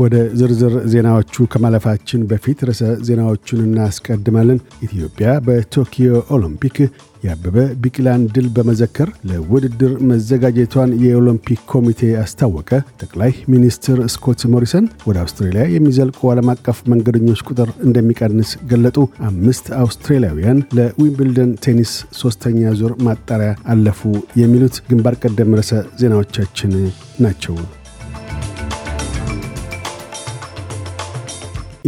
ወደ ዝርዝር ዜናዎቹ ከማለፋችን በፊት ርዕሰ ዜናዎቹን እናስቀድማለን። ኢትዮጵያ በቶኪዮ ኦሎምፒክ የአበበ ቢቅላን ድል በመዘከር ለውድድር መዘጋጀቷን የኦሎምፒክ ኮሚቴ አስታወቀ። ጠቅላይ ሚኒስትር ስኮት ሞሪሰን ወደ አውስትሬልያ የሚዘልቁ ዓለም አቀፍ መንገደኞች ቁጥር እንደሚቀንስ ገለጡ። አምስት አውስትሬልያውያን ለዊምብልደን ቴኒስ ሦስተኛ ዙር ማጣሪያ አለፉ። የሚሉት ግንባር ቀደም ርዕሰ ዜናዎቻችን ናቸው።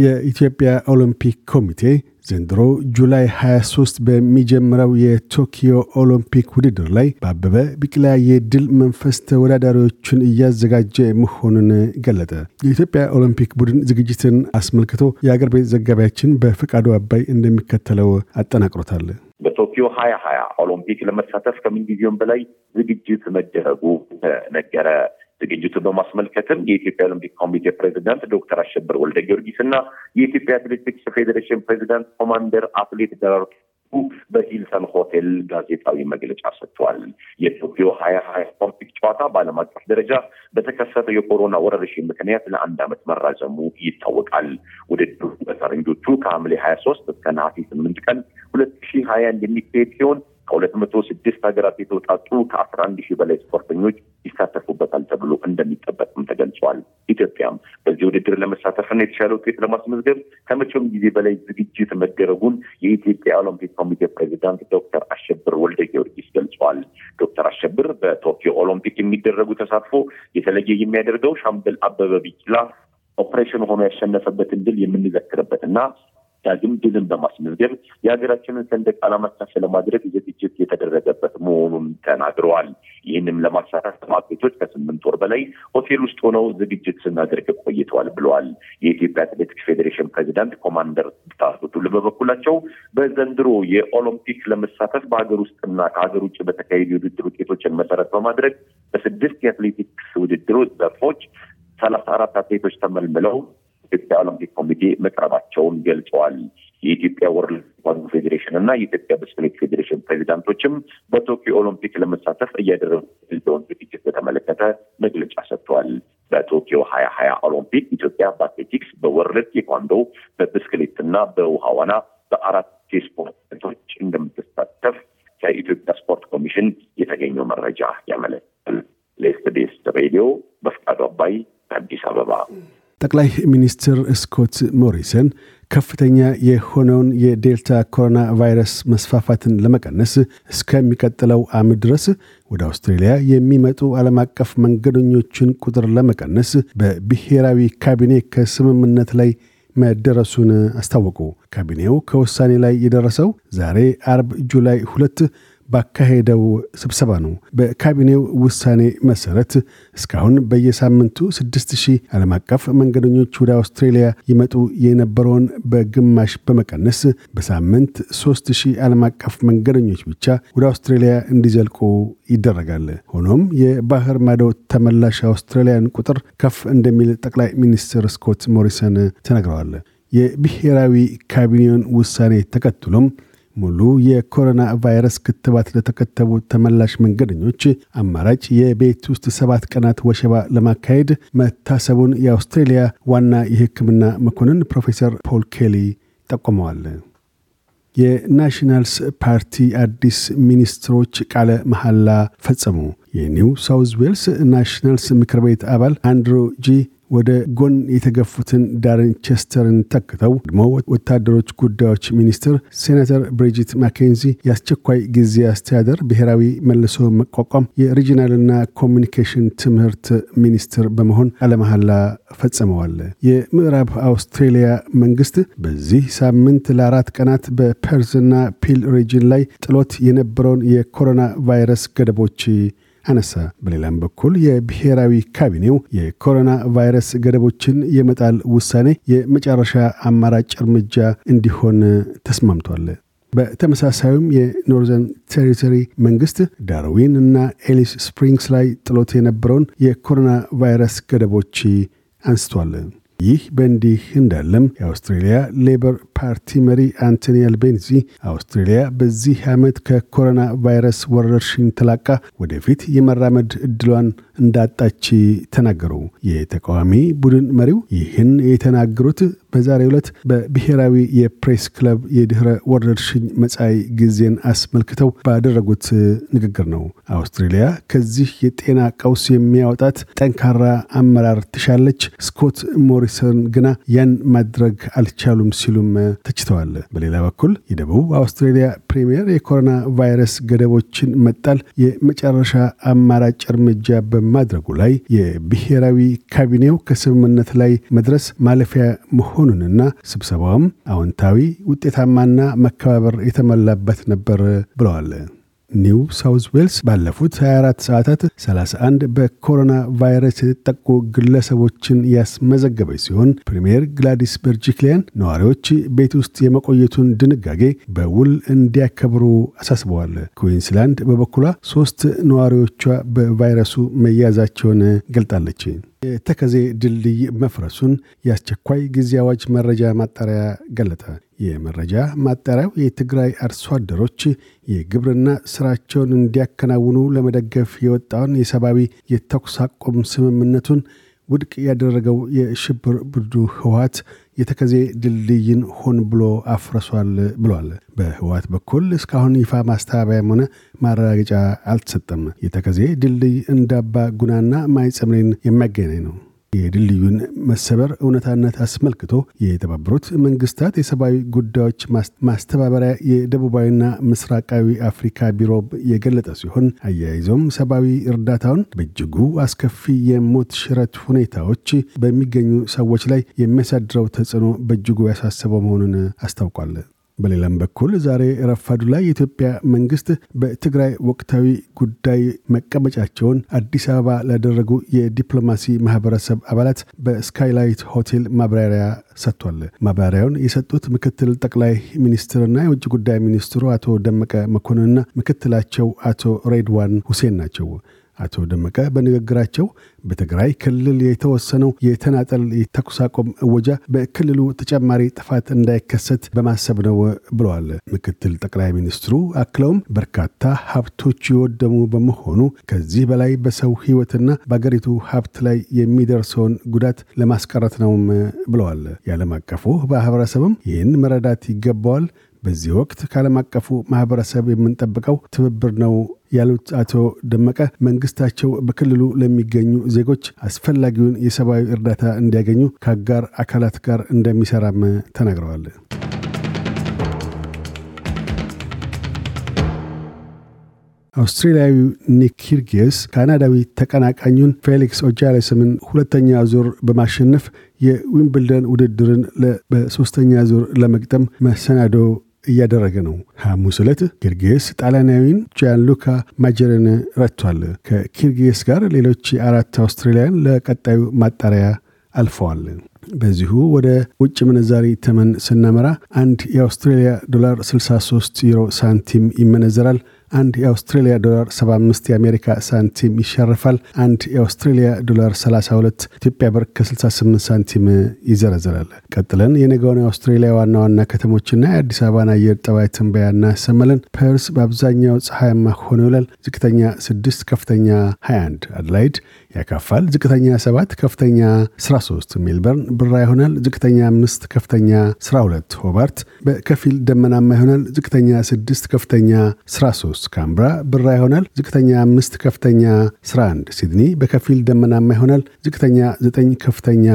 የኢትዮጵያ ኦሎምፒክ ኮሚቴ ዘንድሮ ጁላይ 23 በሚጀምረው የቶኪዮ ኦሎምፒክ ውድድር ላይ በአበበ ቢቅላ የድል መንፈስ ተወዳዳሪዎቹን እያዘጋጀ መሆኑን ገለጠ። የኢትዮጵያ ኦሎምፒክ ቡድን ዝግጅትን አስመልክቶ የአገር ቤት ዘጋቢያችን በፈቃዱ አባይ እንደሚከተለው አጠናቅሮታል። በቶኪዮ ሀያ ሀያ ኦሎምፒክ ለመሳተፍ ከምንጊዜውም በላይ ዝግጅት መደረጉ ተነገረ። ዝግጅቱ በማስመልከትም የኢትዮጵያ ኦሎምፒክ ኮሚቴ ፕሬዚዳንት ዶክተር አሸበር ወልደ ጊዮርጊስ እና የኢትዮጵያ አትሌቲክስ ፌዴሬሽን ፕሬዚዳንት ኮማንደር አትሌት ደራርቱ በሂልተን ሆቴል ጋዜጣዊ መግለጫ ሰጥተዋል። የቶኪዮ ሀያ ሀያ ኦሎምፒክ ጨዋታ በዓለም አቀፍ ደረጃ በተከሰተው የኮሮና ወረርሽኝ ምክንያት ለአንድ ዓመት መራዘሙ ይታወቃል። ውድድሩ በፈረንጆቹ ከሐምሌ ሀያ ሶስት እስከ ነሐሴ ስምንት ቀን ሁለት ሺህ ሀያ አንድ ሲሆን ከሁለት መቶ ስድስት ሀገራት የተውጣጡ ከአስራ አንድ ሺህ በላይ ስፖርተኞች ተብሎ እንደሚጠበቅም ተገልጿል። ኢትዮጵያም በዚህ ውድድር ለመሳተፍና የተሻለ ውጤት ለማስመዝገብ ከመቼውም ጊዜ በላይ ዝግጅት መደረጉን የኢትዮጵያ ኦሎምፒክ ኮሚቴ ፕሬዚዳንት ዶክተር አሸብር ወልደ ጊዮርጊስ ገልጿል። ዶክተር አሸብር በቶኪዮ ኦሎምፒክ የሚደረጉ ተሳትፎ የተለየ የሚያደርገው ሻምበል አበበ ቢቂላ ኦፕሬሽን ሆኖ ያሸነፈበትን ድል የምንዘክርበት እና ዳግም ድልን በማስመዝገብ የሀገራችንን ሰንደቅ ዓላማ ከፍ ለማድረግ ዝግጅት የተደረገበት መሆኑን ተናግረዋል። ይህንም ለማሳካት አትሌቶች ከስምንት ወር በላይ ሆቴል ውስጥ ሆነው ዝግጅት ስናደርግ ቆይተዋል ብለዋል። የኢትዮጵያ አትሌቲክስ ፌዴሬሽን ፕሬዚዳንት ኮማንደር ታሱ ቱሉ በበኩላቸው በዘንድሮ የኦሎምፒክ ለመሳተፍ በሀገር ውስጥና ከሀገር ውጭ በተካሄዱ የውድድር ውጤቶችን መሰረት በማድረግ በስድስት የአትሌቲክስ ውድድር ዘርፎች ሰላሳ አራት አትሌቶች ተመልምለው የኢትዮጵያ ኦሎምፒክ ኮሚቴ መቅረባቸውን ገልጸዋል። የኢትዮጵያ ወርልድ ኳንግ ፌዴሬሽን እና የኢትዮጵያ ብስክሌት ፌዴሬሽን ፕሬዚዳንቶችም በቶኪዮ ኦሎምፒክ ለመሳተፍ እያደረጉ ያለውን ዝግጅት በተመለከተ መግለጫ ሰጥተዋል። በቶኪዮ ሀያ ሀያ ኦሎምፒክ ኢትዮጵያ በአትሌቲክስ፣ በወርልድ ቴኳንዶ፣ በብስክሌት እና በውሃ ዋና በአራት የስፖርት አይነቶች እንደምትሳተፍ ከኢትዮጵያ ስፖርት ኮሚሽን የተገኘው መረጃ ያመለክታል። ለኤስቢኤስ ሬዲዮ በፍቃዱ አባይ አዲስ አበባ ጠቅላይ ሚኒስትር ስኮት ሞሪሰን ከፍተኛ የሆነውን የዴልታ ኮሮና ቫይረስ መስፋፋትን ለመቀነስ እስከሚቀጥለው ዓመት ድረስ ወደ አውስትሬልያ የሚመጡ ዓለም አቀፍ መንገደኞችን ቁጥር ለመቀነስ በብሔራዊ ካቢኔ ከስምምነት ላይ መደረሱን አስታወቁ። ካቢኔው ከውሳኔ ላይ የደረሰው ዛሬ አርብ ጁላይ ሁለት ባካሄደው ስብሰባ ነው። በካቢኔው ውሳኔ መሰረት እስካሁን በየሳምንቱ 6 ሺህ ዓለም አቀፍ መንገደኞች ወደ አውስትሬልያ ይመጡ የነበረውን በግማሽ በመቀነስ በሳምንት 3 ሺህ ዓለም አቀፍ መንገደኞች ብቻ ወደ አውስትሬልያ እንዲዘልቁ ይደረጋል። ሆኖም የባህር ማዶ ተመላሽ አውስትራሊያን ቁጥር ከፍ እንደሚል ጠቅላይ ሚኒስትር ስኮት ሞሪሰን ተናግረዋል። የብሔራዊ ካቢኔውን ውሳኔ ተከትሎም ሙሉ የኮሮና ቫይረስ ክትባት ለተከተቡ ተመላሽ መንገደኞች አማራጭ የቤት ውስጥ ሰባት ቀናት ወሸባ ለማካሄድ መታሰቡን የአውስትሬሊያ ዋና የሕክምና መኮንን ፕሮፌሰር ፖል ኬሊ ጠቁመዋል። የናሽናልስ ፓርቲ አዲስ ሚኒስትሮች ቃለ መሐላ ፈጸሙ። የኒው ሳውዝ ዌልስ ናሽናልስ ምክር ቤት አባል አንድሮ ጂ ወደ ጎን የተገፉትን ዳርን ቸስተርን ተክተው ደግሞ ወታደሮች ጉዳዮች ሚኒስትር ሴናተር ብሪጅት ማኬንዚ የአስቸኳይ ጊዜ አስተዳደር ብሔራዊ መልሶ መቋቋም የሪጂናልና ኮሚኒኬሽን ትምህርት ሚኒስትር በመሆን አለመሐላ ፈጽመዋል። የምዕራብ አውስትሬሊያ መንግስት በዚህ ሳምንት ለአራት ቀናት በፐርዝና ፒል ሪጅን ላይ ጥሎት የነበረውን የኮሮና ቫይረስ ገደቦች አነሳ። በሌላም በኩል የብሔራዊ ካቢኔው የኮሮና ቫይረስ ገደቦችን የመጣል ውሳኔ የመጨረሻ አማራጭ እርምጃ እንዲሆን ተስማምቷል። በተመሳሳዩም የኖርዘርን ቴሪቶሪ መንግስት ዳርዊን እና ኤሊስ ስፕሪንግስ ላይ ጥሎት የነበረውን የኮሮና ቫይረስ ገደቦች አንስቷል። ይህ በእንዲህ እንዳለም የአውስትሬልያ ሌበር ፓርቲ መሪ አንቶኒ አልቤኒዚ አውስትሬልያ በዚህ ዓመት ከኮሮና ቫይረስ ወረርሽኝ ተላቃ ወደፊት የመራመድ እድሏን እንዳጣች ተናገሩ። የተቃዋሚ ቡድን መሪው ይህን የተናገሩት በዛሬ ዕለት በብሔራዊ የፕሬስ ክለብ የድኅረ ወረርሽኝ መጻኢ ጊዜን አስመልክተው ባደረጉት ንግግር ነው። አውስትሬሊያ ከዚህ የጤና ቀውስ የሚያወጣት ጠንካራ አመራር ትሻለች። ስኮት ሞሪሰን ግና ያን ማድረግ አልቻሉም ሲሉም ተችተዋል። በሌላ በኩል የደቡብ አውስትሬሊያ ፕሪምየር የኮሮና ቫይረስ ገደቦችን መጣል የመጨረሻ አማራጭ እርምጃ በ በማድረጉ ላይ የብሔራዊ ካቢኔው ከስምምነት ላይ መድረስ ማለፊያ መሆኑንና ስብሰባውም አዎንታዊ፣ ውጤታማና መከባበር የተሞላበት ነበር ብለዋል። ኒው ሳውዝ ዌልስ ባለፉት 24 ሰዓታት 31 በኮሮና ቫይረስ የተጠቁ ግለሰቦችን ያስመዘገበች ሲሆን ፕሪምየር ግላዲስ በርጂክሊያን ነዋሪዎች ቤት ውስጥ የመቆየቱን ድንጋጌ በውል እንዲያከብሩ አሳስበዋል። ኩዊንስላንድ በበኩሏ ሶስት ነዋሪዎቿ በቫይረሱ መያዛቸውን ገልጣለች። የተከዜ ድልድይ መፍረሱን የአስቸኳይ ጊዜ አዋጅ መረጃ ማጣሪያ ገለጠ። የመረጃ ማጣሪያው የትግራይ አርሶ አደሮች የግብርና ስራቸውን እንዲያከናውኑ ለመደገፍ የወጣውን የሰብአዊ የተኩስ አቁም ስምምነቱን ውድቅ ያደረገው የሽብር ቡድኑ ህወሓት የተከዜ ድልድይን ሆን ብሎ አፍርሷል ብሏል። በህወሓት በኩል እስካሁን ይፋ ማስተባበያም ሆነ ማረጋገጫ አልተሰጠም። የተከዜ ድልድይ እንዳባ ጉናና ማይጸምሬን የሚያገናኝ ነው። የድልድዩን መሰበር እውነታነት አስመልክቶ የተባበሩት መንግስታት የሰብአዊ ጉዳዮች ማስተባበሪያ የደቡባዊና ምስራቃዊ አፍሪካ ቢሮ የገለጠ ሲሆን አያይዞም ሰብአዊ እርዳታውን በእጅጉ አስከፊ የሞት ሽረት ሁኔታዎች በሚገኙ ሰዎች ላይ የሚያሳድረው ተጽዕኖ በእጅጉ ያሳሰበው መሆኑን አስታውቋል። በሌላም በኩል ዛሬ ረፋዱ ላይ የኢትዮጵያ መንግስት በትግራይ ወቅታዊ ጉዳይ መቀመጫቸውን አዲስ አበባ ላደረጉ የዲፕሎማሲ ማህበረሰብ አባላት በስካይላይት ሆቴል ማብራሪያ ሰጥቷል። ማብራሪያውን የሰጡት ምክትል ጠቅላይ ሚኒስትርና የውጭ ጉዳይ ሚኒስትሩ አቶ ደመቀ መኮንንና ምክትላቸው አቶ ሬድዋን ሁሴን ናቸው። አቶ ደመቀ በንግግራቸው በትግራይ ክልል የተወሰነው የተናጠል የተኩስ አቁም እወጃ በክልሉ ተጨማሪ ጥፋት እንዳይከሰት በማሰብ ነው ብለዋል። ምክትል ጠቅላይ ሚኒስትሩ አክለውም በርካታ ሀብቶች የወደሙ በመሆኑ ከዚህ በላይ በሰው ህይወትና በአገሪቱ ሀብት ላይ የሚደርሰውን ጉዳት ለማስቀረት ነውም ብለዋል። የዓለም አቀፉ ማህበረሰብም ይህን መረዳት ይገባዋል። በዚህ ወቅት ከዓለም አቀፉ ማህበረሰብ የምንጠብቀው ትብብር ነው ያሉት አቶ ደመቀ መንግስታቸው በክልሉ ለሚገኙ ዜጎች አስፈላጊውን የሰብአዊ እርዳታ እንዲያገኙ ከአጋር አካላት ጋር እንደሚሰራም ተናግረዋል። አውስትራሊያዊው ኒክ ኪርጌስ ካናዳዊ ተቀናቃኙን ፌሊክስ ኦጃሌስምን ሁለተኛ ዙር በማሸነፍ የዊምብልደን ውድድርን በሶስተኛ ዙር ለመግጠም መሰናዶ እያደረገ ነው። ሐሙስ ዕለት ኪርጌስ ጣሊያናዊን ጃንሉካ ማጀርን ረቷል። ከኪርጌስ ጋር ሌሎች አራት አውስትራሊያን ለቀጣዩ ማጣሪያ አልፈዋል። በዚሁ ወደ ውጭ ምንዛሪ ተመን ስናመራ አንድ የአውስትሬልያ ዶላር 63 ዩሮ ሳንቲም ይመነዘራል። አንድ የአውስትሬሊያ ዶላር 75 የአሜሪካ ሳንቲም ይሸርፋል። አንድ የአውስትሬሊያ ዶላር 32 ኢትዮጵያ ብር ከ68 ሳንቲም ይዘረዘራል። ቀጥለን የነገውን የአውስትሬሊያ ዋና ዋና ከተሞችና የአዲስ አበባን አየር ጠባይ ትንበያ እናሰማለን። ፐርስ በአብዛኛው ፀሐያማ ሆኖ ይውላል። ዝቅተኛ 6 ከፍተኛ 21። አድላይድ ያካፋል። ዝቅተኛ 7 ከፍተኛ 13። ሜልበርን ብራ ይሆናል። ዝቅተኛ 5 ከፍተኛ 12። ሆባርት በከፊል ደመናማ ይሆናል። ዝቅተኛ 6 ከፍተኛ 13 ካምብራ ብራ ይሆናል። ዝቅተኛ አምስት ከፍተኛ 11 ሲድኒ በከፊል ደመናማ ይሆናል። ዝቅተኛ 9 ከፍተኛ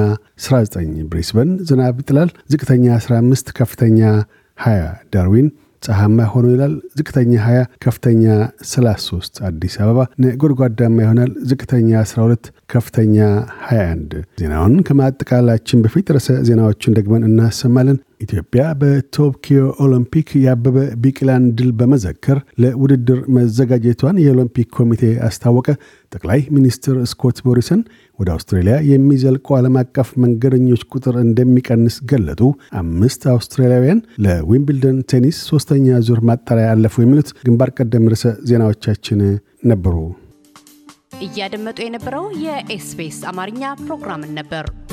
19 ብሪስበን ዝናብ ይጥላል። ዝቅተኛ 15 ከፍተኛ 20 ዳርዊን ፀሐማ ሆኖ ይላል። ዝቅተኛ 20 ከፍተኛ 33 አዲስ አበባ ነጎድጓዳማ ይሆናል። ዝቅተኛ 12 ከፍተኛ 21 ዜናውን ከማጠቃላችን በፊት ርዕሰ ዜናዎችን ደግመን እናሰማለን። ኢትዮጵያ በቶኪዮ ኦሎምፒክ የአበበ ቢቅላን ድል በመዘከር ለውድድር መዘጋጀቷን የኦሎምፒክ ኮሚቴ አስታወቀ። ጠቅላይ ሚኒስትር ስኮት ሞሪሰን ወደ አውስትራሊያ የሚዘልቁ ዓለም አቀፍ መንገደኞች ቁጥር እንደሚቀንስ ገለጡ። አምስት አውስትራሊያውያን ለዊምብልደን ቴኒስ ሶስተኛ ዙር ማጣሪያ አለፉ። የሚሉት ግንባር ቀደም ርዕሰ ዜናዎቻችን ነበሩ። እያደመጡ የነበረው የኤስፔስ አማርኛ ፕሮግራምን ነበር።